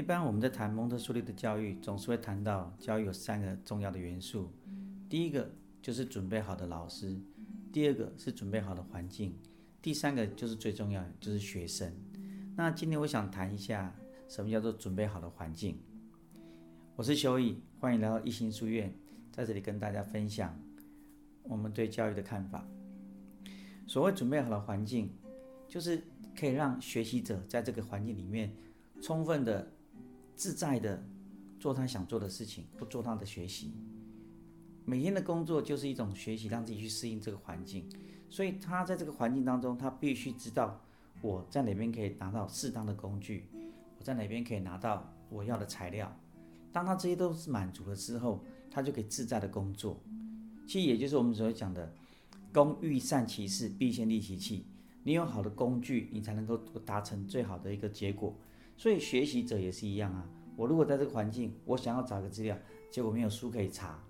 一般我們在談蒙特梭利的教育，總是會談到教育有三個重要的元素，第一個就是準備好的老師，第二個是準備好的環境，第三個就是最重要的，就是學生。那今天我想談一下，什麼叫做準備好的環境？我是修毅，歡迎來到一心書苑，在這裡跟大家分享我們對教育的看法。所謂準備好的環境，就是可以讓學習者在這個環境裡面充分的。自在的做他想做的事情，不做他的學習。每天的工作就是一種學習，讓自己去適應這個環境。所以他在這個環境當中，他必須知道我在哪邊可以拿到適當的工具，我在哪邊可以拿到我要的材料。當他這些都是滿足了之後，他就可以自在的工作。其實也就是我們所講的“工欲善其事，必先利其器”。你有好的工具，你才能夠達成最好的一個結果。所以學習者也是一樣啊。我如果在這個環境，我想要找個資料，結果沒有書可以查，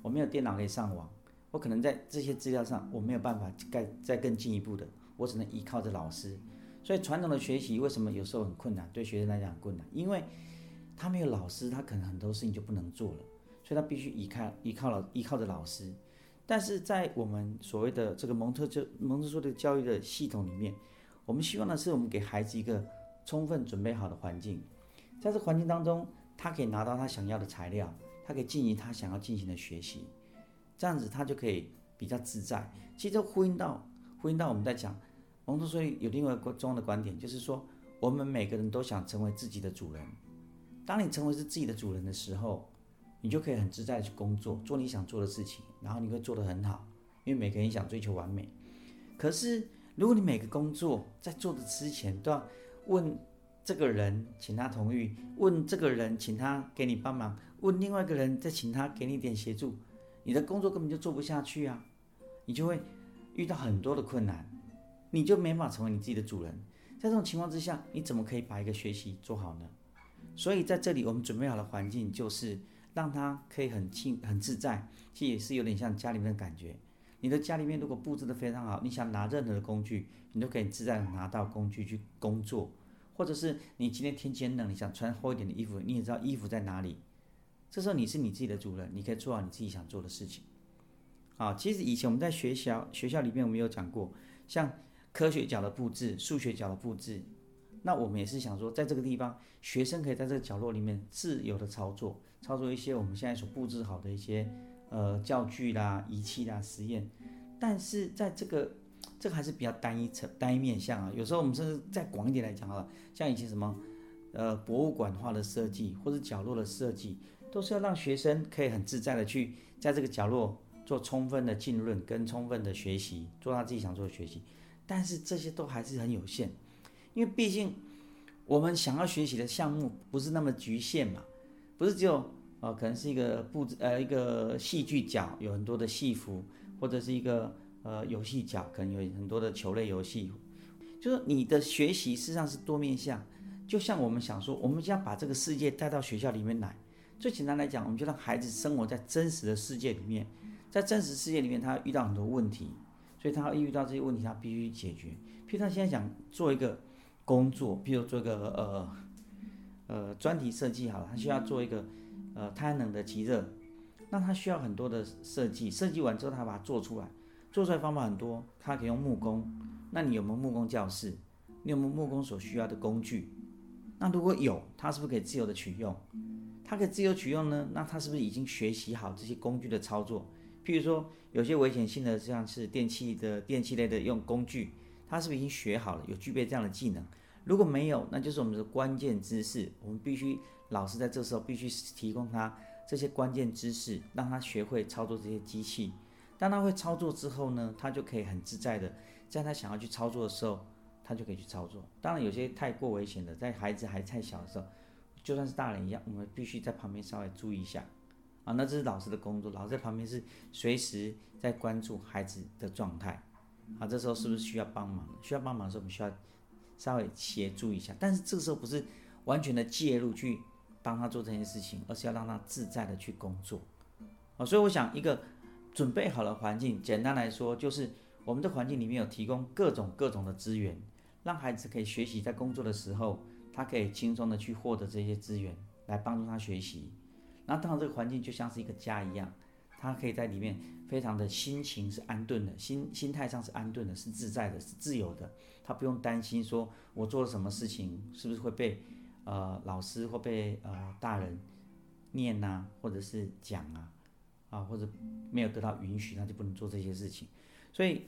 我沒有電腦可以上網，我可能在這些資料上我沒有辦法再再更進一步的，我只能依靠着老師。所以傳統的學習為什麼有時候很困難？對學生來講很困難，因為他沒有老師，他可能很多事情就不能做了，所以他必須依靠依靠老依靠着老師。但是在我們所謂的這個蒙特教蒙特梭的教育的系統裡面，我們希望的是我們給孩子一個。充分準備好的環境，在這環境當中，他可以拿到他想要的材料，他可以進行他想要進行的學習，這樣子他就可以比較自在。其實這呼應到，呼應到我們在講蒙特梭利有另外一個重要的觀點，就是說我們每個人都想成為自己的主人。當你成為是自己的主人的時候，你就可以很自在地去工作，做你想做的事情，然後你會做得很好，因為每個人想追求完美。可是如果你每個工作在做的之前都要問這個人，請他同意；問這個人，請他給你幫忙；問另外一個人，再請他給你點協助。你的工作根本就做不下去啊！你就會遇到很多的困難，你就沒法成為你自己的主人。在這種情況之下，你怎麼可以把一個學習做好呢？所以在這裡，我們準備好的環境就是讓他可以很輕、很自在，其實也是有點像家裡面的感覺。你的家裡面如果佈置的非常好，你想拿任何的工具，你都可以自在拿到工具去工作，或者是你今天天氣很冷，你想穿厚一點的衣服，你也知道衣服在哪裡。這時候你是你自己的主人，你可以做好你自己想做的事情。好，其實以前我們在學校學校裡面我們有講過，像科學角的佈置、數學角的佈置，那我們也是想說，在這個地方，學生可以在這個角落裡面自由的操作，操作一些我們現在所佈置好的一些，呃，教具啦、儀器啦、實驗，但是在這個這個還是比較單一、單一面向啊。有時候我們甚至再廣一點來講好了，像以前什麼呃博物館化的設計，或者角落的設計，都是要讓學生可以很自在的去在這個角落做充分的浸潤跟充分的學習，做他自己想做的學習。但是這些都還是很有限，因為畢竟我們想要學習的項目不是那麼局限嘛，不是只有。哦、呃，可能是一個布置，呃，一個戲劇角有很多的戲服，或者是一個呃遊戲角，可能有很多的球類遊戲。就是你的學習實際上是多面向。就像我們想說，我們就要把這個世界帶到學校裡面來。最簡單來講，我們就讓孩子生活在真實的世界裡面，在真實世界裡面，他遇到很多問題，所以他遇到這些問題，他必須解決。比如他現在想做一個工作，比如做一個呃呃專題設計，好了，他需要做一個。嗯呃，太陽能的集熱，那它需要很多的設計，設計完之後，它把它做出來，做出來方法很多，它可以用木工，那你有沒有木工教室？你有沒有木工所需要的工具？那如果有，它是不是可以自由的取用？它可以自由取用呢？那它是不是已經學習好這些工具的操作？譬如說，有些危險性的，像是電器的電器類的用工具，它是不是已經學好了？有具備這樣的技能？如果沒有，那就是我們的關鍵知識。我們必須老師在這時候必須提供他這些關鍵知識，讓他學會操作這些機器。當他會操作之後呢，他就可以很自在地，在他想要去操作的時候，他就可以去操作。當然，有些太過危險的，在孩子還太小的時候，就算是大人一樣，我們必須在旁邊稍微注意一下。啊，那這是老師的工作，老師在旁邊是隨時在關注孩子的狀態。啊，這時候是不是需要幫忙？需要幫忙的時候，我們需要稍微協助一下，但是這個時候不是完全的介入去幫他做這件事情，而是要讓他自在的去工作啊。所以我想，一個準備好的環境，簡單來說，就是我們的環境裡面有提供各種各種的資源，讓孩子可以學習，在工作的時候，他可以輕鬆的去獲得這些資源來幫助他學習。那當然，這個環境就像是一個家一樣。他可以在裡面非常的心情是安頓的，心心態上是安頓的，是自在的，是自由的。他不用擔心說，我做了什麼事情是不是會被，呃，老師或被呃大人念吶、啊，或者是講啊，啊，或者沒有得到允許，他就不能做這些事情。所以，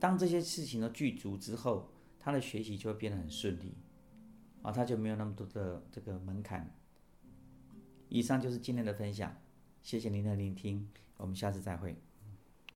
當這些事情都具足之後，他的學習就會變得很順利，啊，他就沒有那麼多的這個門檻。以上就是今天的分享。謝謝您的聆聽，我們下次再會。